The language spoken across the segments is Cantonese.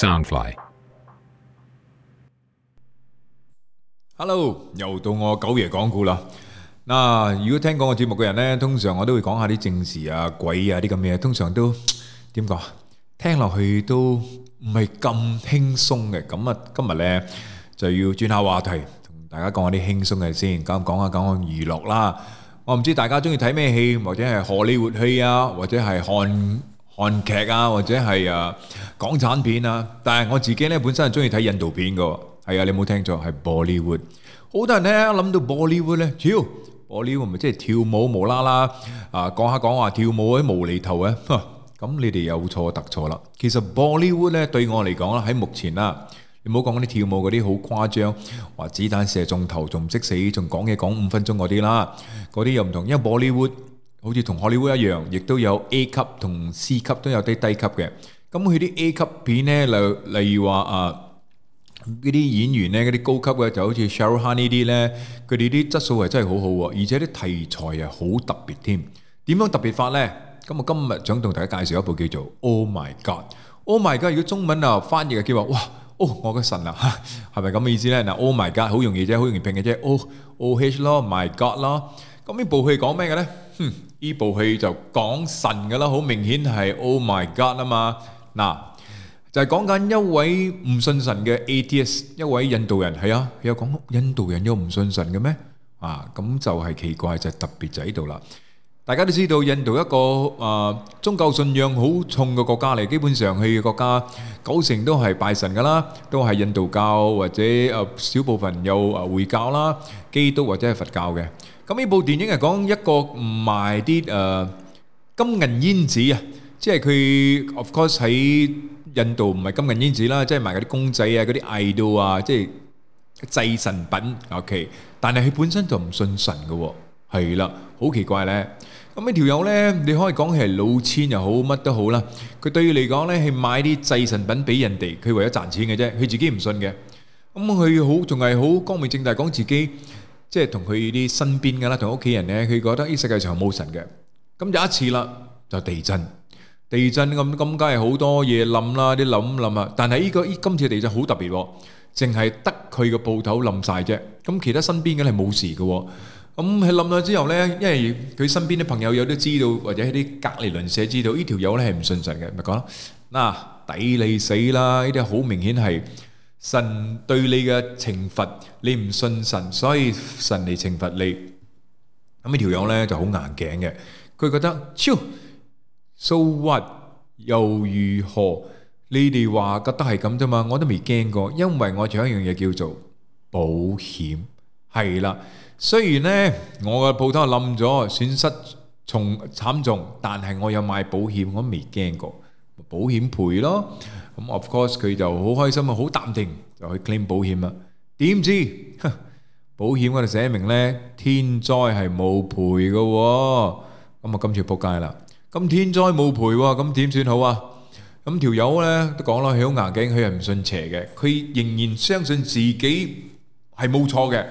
Soundfly。Hello，又到我九爺講故啦。嗱，如果聽過我節目嘅人咧，通常我都會講下啲正事啊、鬼啊啲咁嘅嘢。通常都點講？聽落去都唔係咁輕鬆嘅。咁啊，今日咧就要轉下話題，同大家講下啲輕鬆嘅先。咁講下講下娛樂啦。我唔知大家鍾意睇咩戲，或者係荷里活戲啊，或者係看，韓劇啊，或者係啊港產片啊，但係我自己咧本身係中意睇印度片嘅，係啊你冇聽錯，係 Bollywood。好多人咧諗到 Bollywood 咧，跳 Bollywood 咪即係跳舞無啦啦啊，講下講下跳舞嗰啲無厘頭嘅，咁你哋有錯特錯啦。其實 Bollywood 咧對我嚟講啦，喺目前啦，你冇講嗰啲跳舞嗰啲好誇張，話子彈射中頭仲唔識死，仲講嘢講五分鐘嗰啲啦，嗰啲又唔同，因為 Bollywood。好似同荷里活一樣，亦都有 A 級同 C 級都有啲低級嘅。咁佢啲 A 級片咧，例例如話啊，嗰啲演員咧，嗰啲高級嘅，就好似 Sheryl Hun 呢啲咧，佢哋啲質素係真係好好喎，而且啲題材係好特別添。點樣特別法咧？咁我今日想同大家介紹一部叫做《Oh My God》。Oh My God！如果中文啊，翻譯嘅叫話哇，哦，我嘅神啊，嚇，係咪咁嘅意思咧？嗱，Oh My God，好容易啫，好容易拼嘅啫，Oh Oh H 咯，My God 咯。咁呢部戲講咩嘅咧？呢部戲就講神噶啦，好明顯係 Oh My God 啊嘛，嗱就係講緊一位唔信神嘅 Atheist，一位印度人係啊，佢有講印度人有唔信神嘅咩啊？咁就係奇怪，就特別就喺度啦。大家都知道印度一個誒宗教信仰好重嘅國家嚟，基本上佢嘅國家九成都係拜神噶啦，都係印度教或者誒少部分有誒回教啦、基督或者係佛教嘅。咁呢部電影係講一個賣啲誒金銀煙紙啊，即係佢 of course 喺印度唔係金銀煙紙啦，即係賣嗰啲公仔啊、嗰啲 idol 啊，即係祭神品。OK，但係佢本身就唔信神嘅，係啦，好奇怪咧。咁呢條友咧，你可以講佢係老千又好，乜都好啦。佢對於嚟講咧，係買啲祭神品俾人哋，佢為咗賺錢嘅啫，佢自己唔信嘅。咁佢好仲係好光明正大講自己。即係同佢啲身邊嘅啦，同屋企人咧，佢覺得呢世界上冇神嘅。咁有一次啦，就地震。地震咁咁，梗係好多嘢冧啦，啲諗諗啊。但係呢個呢今次地震好特別，淨係得佢個鋪頭冧曬啫。咁其他身邊嘅係冇事嘅。咁佢冧咗之後咧，因為佢身邊啲朋友有都知道，或者喺啲隔離鄰舍知道，呢條友咧係唔信神嘅，咪講啦，嗱，抵你死啦！呢啲好明顯係。神對你嘅懲罰，你唔信神，所以神嚟懲罰你。咁呢條友咧就好硬頸嘅，佢覺得，超，so what，又如何？你哋話覺得係咁啫嘛，我都未驚過，因為我仲有一樣嘢叫做保險，係啦。雖然咧我嘅鋪頭冧咗，損失重慘重，但係我有買保險，我都未驚過。保險賠咯，咁 of course 佢就好開心啊，好淡定就去 claim 保險啦。點知保險嗰度寫明呢天災係冇賠嘅。咁、嗯、啊，今條今次仆街啦。咁天災冇賠喎，咁、嗯、點算好啊？咁條友呢都講啦，佢好硬頸，佢係唔信邪嘅，佢仍然相信自己係冇錯嘅。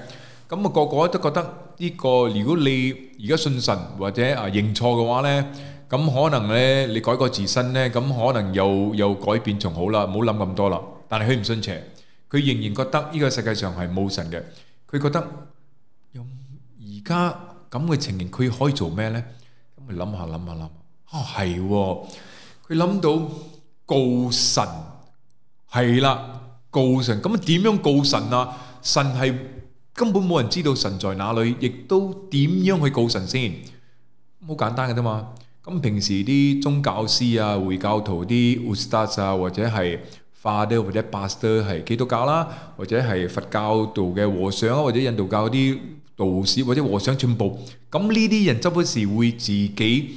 咁啊，個個都覺得呢、這個，如果你而家信神或者啊認錯嘅話呢。咁可能咧，你改過自身咧，咁可能又又改變仲好啦，唔好諗咁多啦。但係佢唔信邪，佢仍然覺得呢個世界上係冇神嘅。佢覺得咁而家咁嘅情形，佢可以做咩咧？咁佢諗下諗下諗下，哦係，佢諗到告神，係啦，告神。咁點樣告神啊？神係根本冇人知道神在哪裏，亦都點樣去告神先？好簡單嘅啫嘛。咁平時啲宗教師啊、回教徒啲 ustas 啊，或者係 father 或者 pastor 係基督教啦，或者係佛教道嘅和尚啊，或者印度教啲道士或者和尚全部咁呢啲人，周不時會自己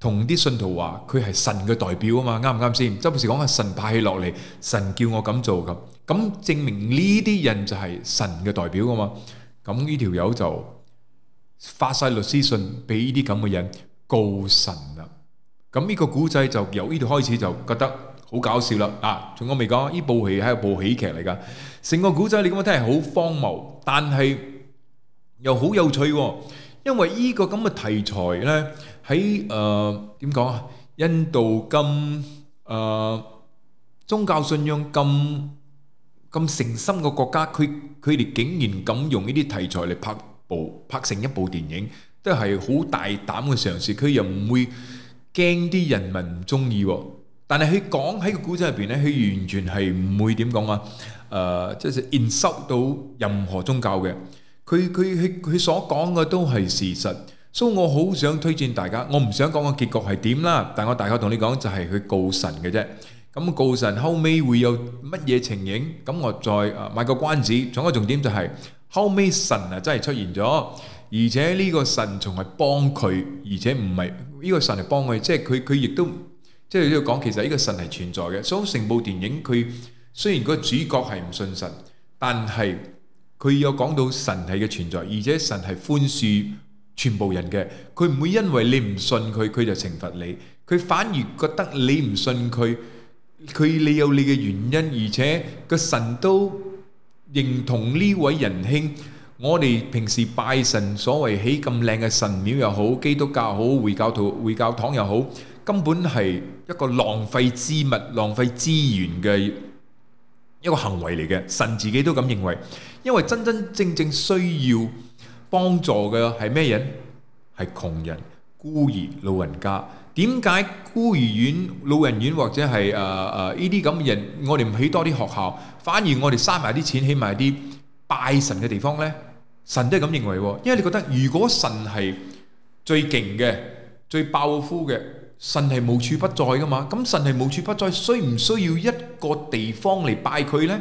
同啲信徒話：佢係神嘅代表啊嘛，啱唔啱先？周不時講啊，神派落嚟，神叫我咁做咁，咁證明呢啲人就係神嘅代表啊嘛。咁呢條友就發曬律師信俾呢啲咁嘅人。告神啦，咁呢個古仔就由呢度開始，就覺得好搞笑啦啊！仲我未講，呢部戲係一部喜劇嚟噶，成個古仔你咁樣聽係好荒謬，但係又好有趣，因為呢個咁嘅題材呢，喺誒點講啊？印度咁誒宗教信仰咁咁誠心嘅國家，佢佢哋竟然敢用呢啲題材嚟拍部拍成一部電影。都係好大膽嘅嘗試，佢又唔會驚啲人民唔中意。但係佢講喺個故仔入邊咧，佢完全係唔會點講啊！誒，即係 insult 到任何宗教嘅，佢佢佢佢所講嘅都係事實。所以，我好想推薦大家，我唔想講個結局係點啦，但係我大概同你講就係去告神嘅啫。咁告神後尾會有乜嘢情形？咁我再誒賣個關子。仲有個重點就係。後尾神啊真係出現咗，而且呢個神仲係幫佢，而且唔係呢個神係幫佢，即係佢佢亦都即係要講，其實呢個神係存在嘅。所以成部電影佢雖然個主角係唔信神，但係佢有講到神係嘅存在，而且神係寬恕全部人嘅。佢唔會因為你唔信佢，佢就懲罰你。佢反而覺得你唔信佢，佢你有你嘅原因，而且個神都。認同呢位仁兄，我哋平時拜神，所謂起咁靚嘅神廟又好，基督教好，會教徒會教堂又好，根本係一個浪費資物、浪費資源嘅一個行為嚟嘅。神自己都咁認為，因為真真正正需要幫助嘅係咩人？係窮人、孤兒、老人家。點解孤兒院、老人院或者係誒誒呢啲咁嘅人，我哋唔起多啲學校，反而我哋嘥埋啲錢起埋啲拜神嘅地方呢？神都係咁認為喎，因為你覺得如果神係最勁嘅、最爆呼嘅，神係無處不在噶嘛？咁神係無處不在，需唔需要一個地方嚟拜佢呢？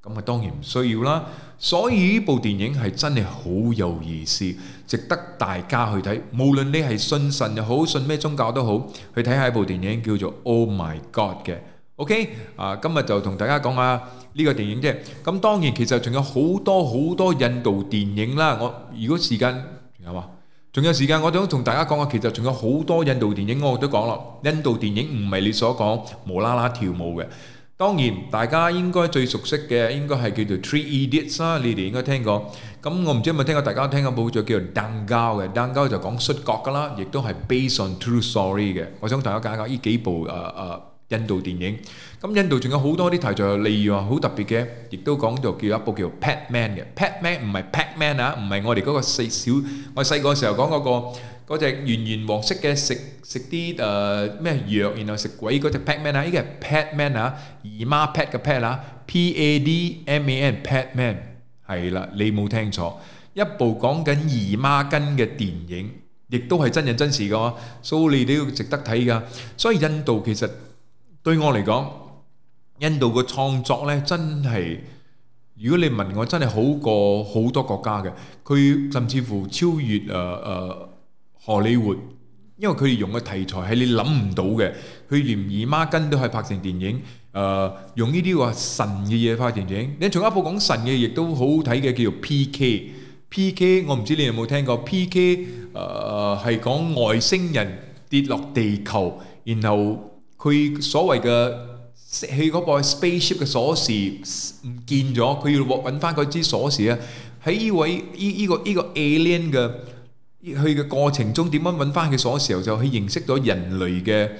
咁啊，當然唔需要啦。所以呢部電影係真係好有意思，值得大家去睇。無論你係信神又好，信咩宗教都好，去睇下部電影叫做《Oh My God》嘅。OK，啊，今日就同大家講下呢個電影啫。咁當然其實仲有好多好多印度電影啦。我如果時間仲有嘛，仲有時間，我想同大家講下，其實仲有好多印度電影我都講咯。印度電影唔係你所講無啦啦跳舞嘅。當然，大家應該最熟悉嘅應該係叫做 Three Idiots 啦，你哋應該聽過。咁我唔知有冇聽過，大家聽過部叫叫做 Dangal 嘅，Dangal 就講摔角噶啦，亦都係 based on true story 嘅。我想同大家講下呢幾部誒誒印度電影。咁印度仲有好多啲題材，例如話好特別嘅，亦都講到叫一部叫 Pat Man 嘅，Pat Man 唔係 Pat Man 啊，唔係我哋嗰個細小我細個時候講嗰個。嗰隻圓圓黃色嘅食食啲誒咩藥，然後食鬼嗰隻 Padman 啊，呢個 Padman 啊，姨媽、啊、Pad 嘅 Pad 啦，P A D M A N Padman 係啦，你冇聽錯，一部講緊姨媽巾嘅電影，亦都係真人真事嘅，所、so, 以你都要值得睇噶。所以印度其實對我嚟講，印度嘅創作呢真係，如果你問我真係好過好多國家嘅，佢甚至乎超越誒誒。呃呃荷里活，因為佢哋用嘅題材係你諗唔到嘅，佢連姨媽巾都係拍成電影。誒，用呢啲話神嘅嘢拍電影。你仲有一部講神嘅，亦都好好睇嘅，叫做 PK。PK，我唔知你有冇聽過。PK 誒係講外星人跌落地球，然後佢所謂嘅去嗰個 spaceship 嘅鎖匙唔見咗，佢要搵返嗰支鎖匙啊！喺呢位呢呢個呢個 alien 嘅，去嘅過程中點樣搵翻佢鎖匙？就就去認識咗人類嘅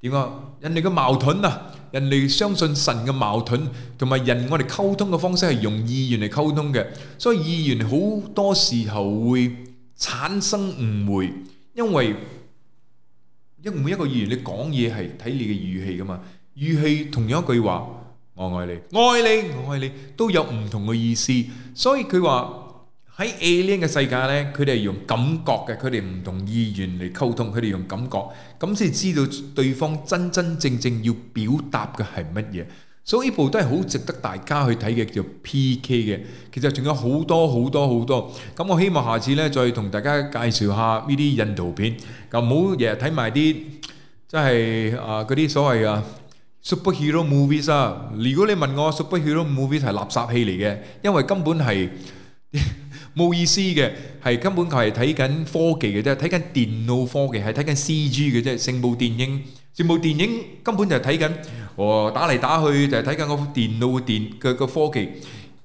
點啊？人類嘅矛盾啊！人類相信神嘅矛盾，同埋人我哋溝通嘅方式係用語言嚟溝通嘅，所以語言好多時候會產生誤會，因為因每一個語言你講嘢係睇你嘅語氣噶嘛，語氣同樣一句話，我愛你，愛你，我愛你都有唔同嘅意思，所以佢話。喺 alien 嘅世界咧，佢哋用感覺嘅，佢哋唔同語言嚟溝通，佢哋用感覺咁先知道對方真真正正要表達嘅係乜嘢。所以呢部都係好值得大家去睇嘅叫 P.K. 嘅。其實仲有好多好多好多。咁我希望下次咧再同大家介紹下呢啲印度片。咁唔好日日睇埋啲即係啊嗰啲所謂啊 superhero movies 啊。如果你問我 superhero movies 係垃圾戲嚟嘅，因為根本係。冇意思嘅，係根本佢係睇緊科技嘅啫，睇緊電腦科技，係睇緊 CG 嘅啫。成部電影，成部電影根本就係睇緊，哦打嚟打去就係睇緊個電腦電嘅嗰個科技。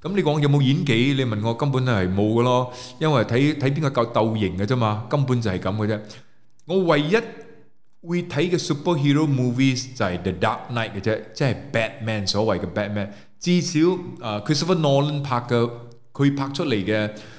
咁你講有冇演技？你問我根本係冇㗎囉，因為睇睇邊個夠鬥型嘅啫嘛，根本就係咁嘅啫。我唯一會睇嘅 Superhero Movies 就係 The Dark Knight 嘅啫，即係 Batman 所謂嘅 Batman。至少啊 Christopher Nolan 拍嘅，佢拍出嚟嘅。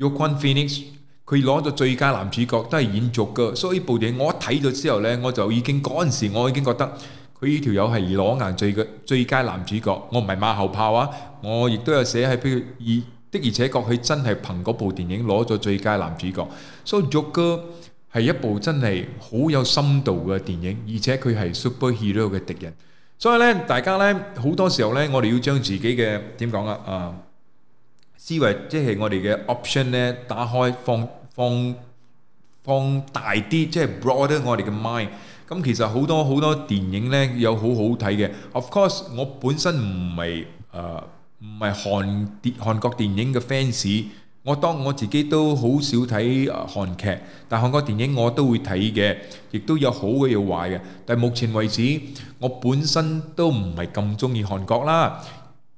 Joaquin Phoenix 佢攞咗最佳男主角都係演 Joker 嘅，所以呢部電影我一睇咗之後呢，我就已經嗰陣時我已經覺得佢呢條友係攞硬最嘅最佳男主角，我唔係馬後炮啊，我亦都有寫喺譬如而的而且確佢真係憑嗰部電影攞咗最佳男主角，所以 Joker 係一部真係好有深度嘅電影，而且佢係 superhero 嘅敵人，所以呢，大家呢，好多時候呢，我哋要將自己嘅點講啊啊！思維即係我哋嘅 option 咧，打開放放放大啲，即係 broader 我哋嘅 mind。咁其實好多好多電影咧，有好好睇嘅。Of course，我本身唔係誒唔係韓韓國電影嘅 fans。我當我自己都好少睇韓劇，但韓國電影我都會睇嘅，亦都有好嘅有壞嘅。但係目前為止，我本身都唔係咁鍾意韓國啦。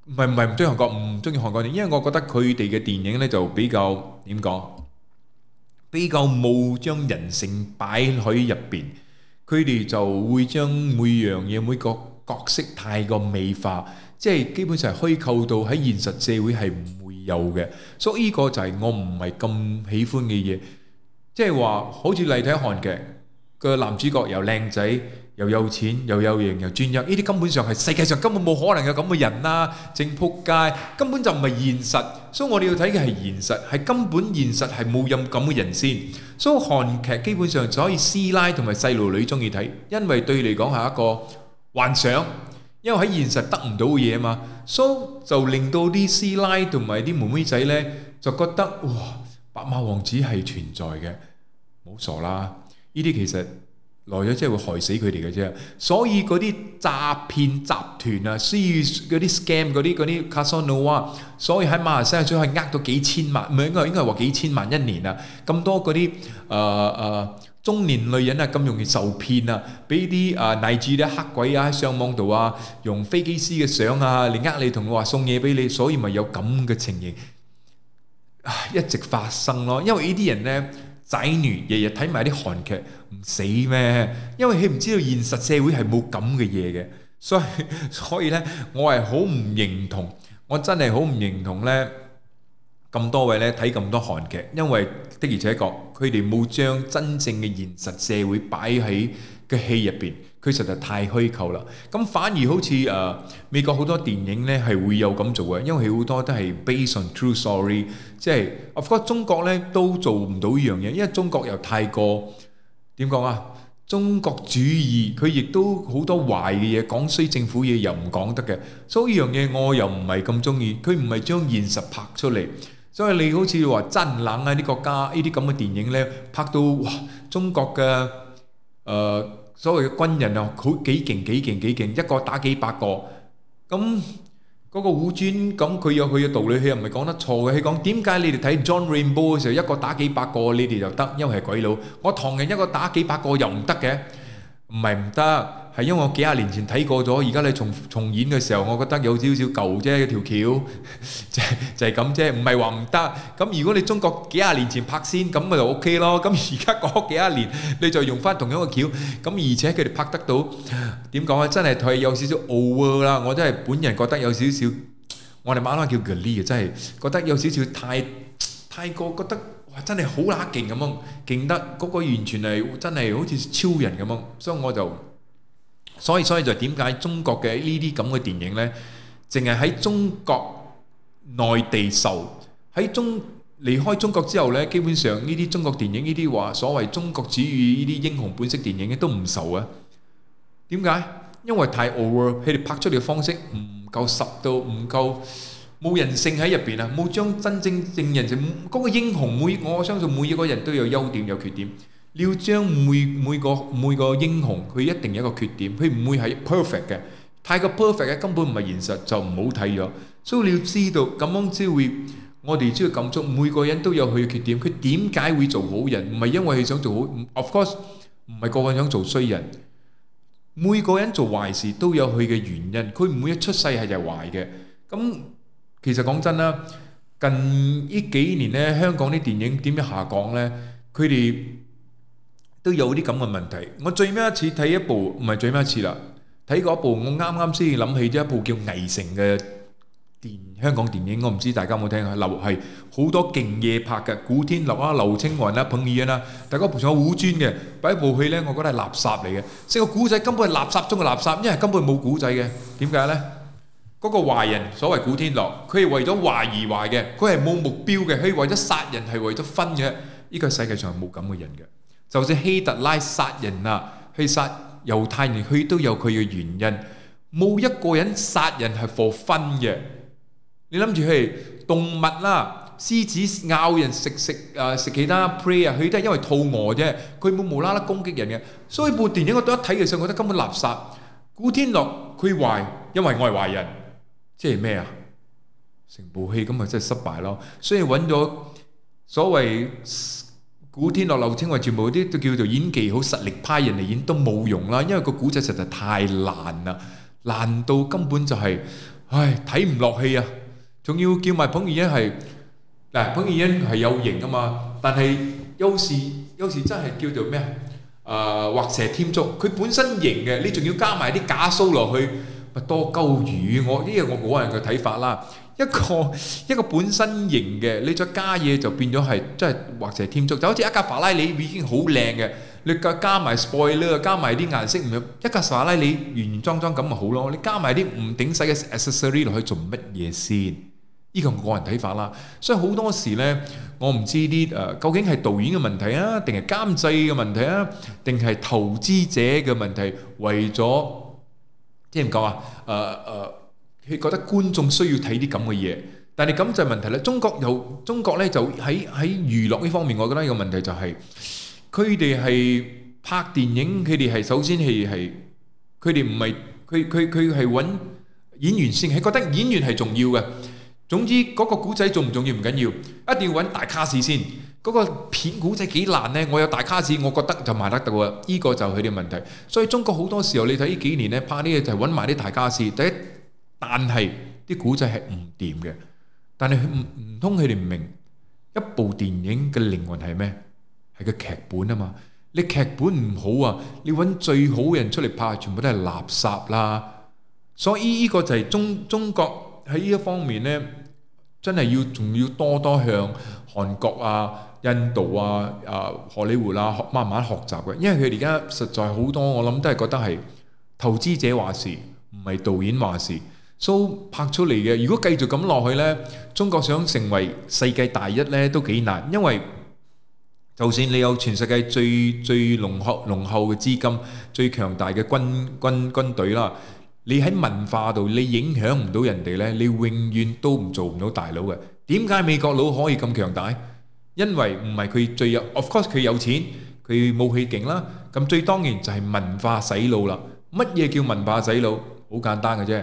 唔係唔係唔中意韓國，唔中意韓國嘅。因為我覺得佢哋嘅電影呢就比較，點講，比較冇將人性擺喺入邊。佢哋就會將每樣嘢、每個角色太過美化，即係基本上虛構到喺現實社會係唔會有嘅。所以呢個就係我唔係咁喜歡嘅嘢。即係話好似嚟睇韓劇個男主角又靚仔。又有錢又有型又專一，呢啲根本上係世界上根本冇可能有咁嘅人啦，正仆街，根本就唔係現實。所以我哋要睇嘅係現實，係根本現實係冇任咁嘅人先。所以韓劇基本上就可以師奶同埋細路女鍾意睇，因為對嚟講係一個幻想，因為喺現實得唔到嘅嘢嘛，所以就令到啲師奶同埋啲妹妹仔呢就覺得哇，白馬王子係存在嘅，冇傻啦，呢啲其實。來咗真係會害死佢哋嘅啫，所以嗰啲詐騙集團啊，嗰啲 scam 嗰啲嗰啲 casanova 啊，所以喺馬來西亞真係呃到幾千萬，唔係應該應該係話幾千萬一年啊，咁多嗰啲誒誒中年女人啊咁容易受騙啊，俾啲誒乃至啲黑鬼啊喺上網度啊，用飛機師嘅相啊嚟呃你，同佢話送嘢俾你，所以咪有咁嘅情形一直發生咯，因為呢啲人咧。仔女日日睇埋啲韓劇唔死咩？因為佢唔知道現實社會係冇咁嘅嘢嘅，所以所以咧，我係好唔認同，我真係好唔認同咧咁多位咧睇咁多韓劇，因為的而且確佢哋冇將真正嘅現實社會擺喺嘅戲入邊，佢實在太虛構啦。咁反而好似誒美國好多電影咧，係會有咁做嘅，因為佢好多都係 based on true story，即係我覺得中國咧都做唔到依樣嘢，因為中國又太過點講啊？中國主義，佢亦都好多壞嘅嘢，講衰政府嘢又唔講得嘅，所以依樣嘢我又唔係咁中意。佢唔係將現實拍出嚟，所以你好似話《戰狼》啊啲國家依啲咁嘅電影咧，拍到哇！中國嘅誒。所謂嘅軍人啊，佢幾勁幾勁幾勁，一個打幾百個，咁嗰個武尊咁，佢有佢嘅道理，佢又唔係講得錯嘅。佢講，點解你哋睇 John Rambo 嘅時候，一個打幾百個，你哋就得，因為係鬼佬。我唐人一個打幾百個又唔得嘅？唔係唔得。係因為我幾廿年前睇過咗，而家你重重演嘅時候，我覺得有少少舊啫，條橋就就係咁啫，唔係話唔得。咁如果你中國幾廿年前拍先，咁咪就 O K 咯。咁而家過咗幾廿年，你就用翻同樣嘅橋，咁而且佢哋拍得到點講啊？真係佢有少少 over 啦！我真係本人覺得有少少，我哋馬拉叫 gully 啊，真係覺得有少少太太過，覺得哇真係好乸勁咁樣，勁得嗰個完全係真係好似超人咁樣，所以我就。所以，所以就點解中國嘅呢啲咁嘅電影咧，淨係喺中國內地受，喺中離開中國之後咧，基本上呢啲中國電影，呢啲話所謂中國主義呢啲英雄本色電影咧，都唔受啊？點解？因為太 over，佢哋拍出嚟嘅方式唔夠實，到唔夠冇人性喺入邊啊！冇將真正正人性，嗰個英雄每我相信每一個人都有優點有缺點。你要將每每個每個英雄，佢一定有一個缺點，佢唔會係 perfect 嘅。太過 perfect 嘅根本唔係現實，就唔好睇咗。所以你要知道，咁樣先會我哋知道感觸。每個人都有佢嘅缺點，佢點解會做好人？唔係因為佢想做好，of course 唔係個個想做衰人。每個人做壞事都有佢嘅原因。佢唔會一出世係就壞嘅。咁其實講真啦，近呢幾年咧，香港啲電影點樣下降咧？佢哋。都有啲咁嘅問題。我最尾一次睇一部，唔係最尾一次啦，睇過一部。我啱啱先諗起咗一部叫《危城》嘅電香港電影。我唔知大家有冇聽過啊？劉係好多勁嘢拍嘅，古天樂啦、劉青雲啦、彭于晏啦，大家盤上好專嘅。但係呢部戲呢，我覺得係垃圾嚟嘅。成個故仔根本係垃圾中嘅垃圾，因為根本冇故仔嘅。點解呢？嗰個壞人所謂古天樂，佢係為咗壞而壞嘅，佢係冇目標嘅，佢係為咗殺人係為咗分嘅。呢個世界上係冇咁嘅人嘅。就算希特拉殺人啊，去殺猶太人，佢都有佢嘅原因。冇一個人殺人係 for fun 嘅。你諗住係動物啦，獅子咬人食食啊食其他 prey 啊，佢都係因為肚餓啫。佢冇無啦啦攻擊人嘅。所以部電影我都一睇嘅時候覺得根本垃圾。古天樂佢壞，因為我係壞人，即係咩啊？成部戲咁咪真係失敗咯。所以揾咗所謂。古天樂、劉青雲全部嗰啲都叫做演技好、實力派人嚟演都冇用啦，因為個古仔實在太爛啦，爛到根本就係、是，唉睇唔落去啊！仲要叫埋彭于晏係，嗱彭于晏係有型啊嘛，但係有時有時真係叫做咩啊？誒畫蛇添足，佢本身型嘅，你仲要加埋啲假鬚落去，咪多鳩餘！我呢個我個人嘅睇法啦。一個一個本身型嘅，你再加嘢就變咗係，即係或者添足，就好似一架法拉利已經好靚嘅，你加加埋 spoiler，你又加埋啲顏色，唔係一架法拉利原原裝裝咁咪好咯？你加埋啲唔頂使嘅 accessory 落去做乜嘢先？呢個我個人睇法啦，所以好多時咧，我唔知啲誒究竟係導演嘅問題啊，定係監製嘅問題啊，定係投資者嘅問題，為咗聽唔夠啊？誒誒。佢覺得觀眾需要睇啲咁嘅嘢，但係咁就係問題啦。中國有中國咧，就喺喺娛樂呢方面，我覺得呢個問題就係佢哋係拍電影，佢哋係首先係係佢哋唔係佢佢佢係揾演員先，係覺得演員係重要嘅。總之嗰個古仔重唔重要唔緊要，一定要揾大卡士先。嗰個片古仔幾爛咧，我有大卡士，我覺得就賣得到啊！呢個就係佢哋問題。所以中國好多時候你睇呢幾年咧，拍啲嘢就揾埋啲大卡士，第一。但係啲古仔係唔掂嘅，但係唔唔通佢哋唔明一部電影嘅靈魂係咩？係個劇本啊嘛！你劇本唔好啊，你揾最好嘅人出嚟拍，全部都係垃圾啦！所以呢個就係中中國喺呢一方面呢，真係要仲要多多向韓國啊、印度啊、啊荷里活啊學慢慢學習嘅，因為佢哋而家實在好多，我諗都係覺得係投資者話事，唔係導演話事。所以拍出嚟嘅，如果繼續咁落去咧，中國想成為世界第一咧都幾難，因為就算你有全世界最最濃厚濃厚嘅資金、最強大嘅軍軍軍隊啦，你喺文化度你影響唔到人哋咧，你永遠都唔做唔到大佬嘅。點解美國佬可以咁強大？因為唔係佢最有，of course 佢有錢，佢武器勁啦。咁最當然就係文化洗腦啦。乜嘢叫文化洗腦？好簡單嘅啫。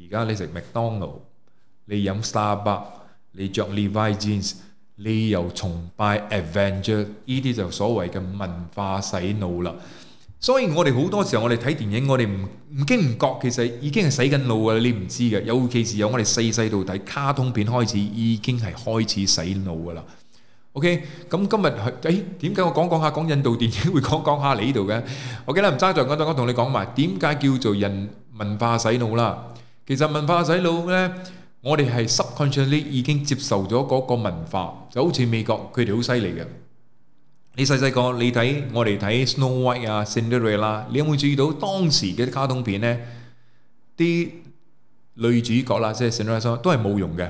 而家你食麥當勞，你飲 Starbucks，你著 Levi Jeans，你又崇拜 Avenger，呢啲就所謂嘅文化洗腦啦。所以我哋好多時候，我哋睇電影，我哋唔唔經唔覺，其實已經係洗緊腦噶啦，你唔知嘅。尤其是由我哋細細到睇卡通片開始，已經係開始洗腦噶啦。OK，咁今日係誒點解我講講下講印度電影，會講講下你呢度嘅？我記得唔爭在講講等我同你講埋點解叫做人文化洗腦啦。其實文化洗腦咧，我哋係 subconsciously 已經接受咗嗰個文化，就好似美國佢哋好犀利嘅。你細細個，你睇我哋睇 Snow White 啊，Cinderella，你有冇注意到當時嘅卡通片咧？啲女主角啦，即係 Cinderella 都係冇用嘅，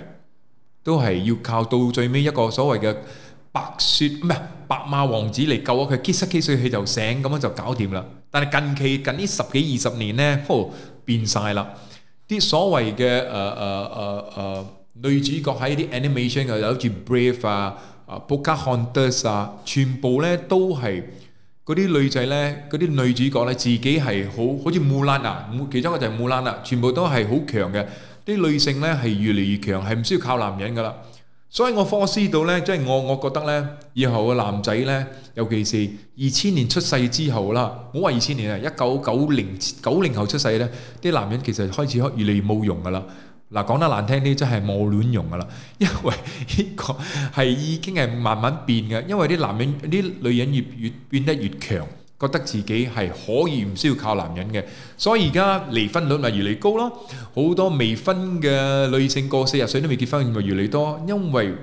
都係要靠到最尾一個所謂嘅白雪唔係白馬王子嚟救啊佢，kiss kiss 佢就醒，咁樣就搞掂啦。但係近期近呢十幾二十年咧，哦變曬啦。啲所謂嘅誒誒誒誒女主角喺啲 animation 啊，好似 Brave 啊、啊 Pocahontas 啊，全部咧都係嗰啲女仔咧、嗰啲女主角咧，自己係好好似 Mulan 啊，其中一個就係 Mulan 啦，全部都係好強嘅，啲女性咧係越嚟越強，係唔需要靠男人噶啦。所以我科我知道咧，即係我，我覺得咧，以後嘅男仔咧，尤其是二千年出世之後啦，唔好話二千年啊，一九九零九零後出世咧，啲男人其實開始越嚟越冇用噶啦。嗱，講得難聽啲，真係冇卵用噶啦，因為呢個係已經係慢慢變嘅，因為啲男人啲女人越越，越變得越強。覺得自己係可以唔需要靠男人嘅，所以而家離婚率咪越嚟越高咯。好多未婚嘅女性過四十歲都未結婚，咪越嚟越多。因為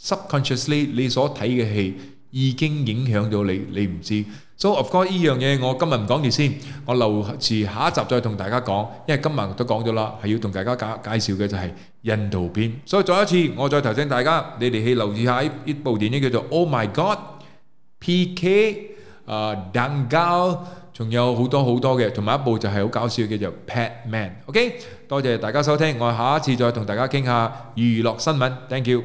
subconsciously 你所睇嘅戲已經影響到你，你唔知。所以 of course 依樣嘢我今日唔講住先，我留住下一集再同大家講。因為今日都講咗啦，係要同大家介介紹嘅就係印度片。所以再一次我再提醒大家，你哋去留意下依一部電影叫做《Oh My God》PK。啊，Dangal、uh，仲有好多好多嘅，同埋一部就係好搞笑嘅，叫做《Pat Man》。OK，多謝大家收聽，我下一次再同大家傾下娛樂新聞。Thank you。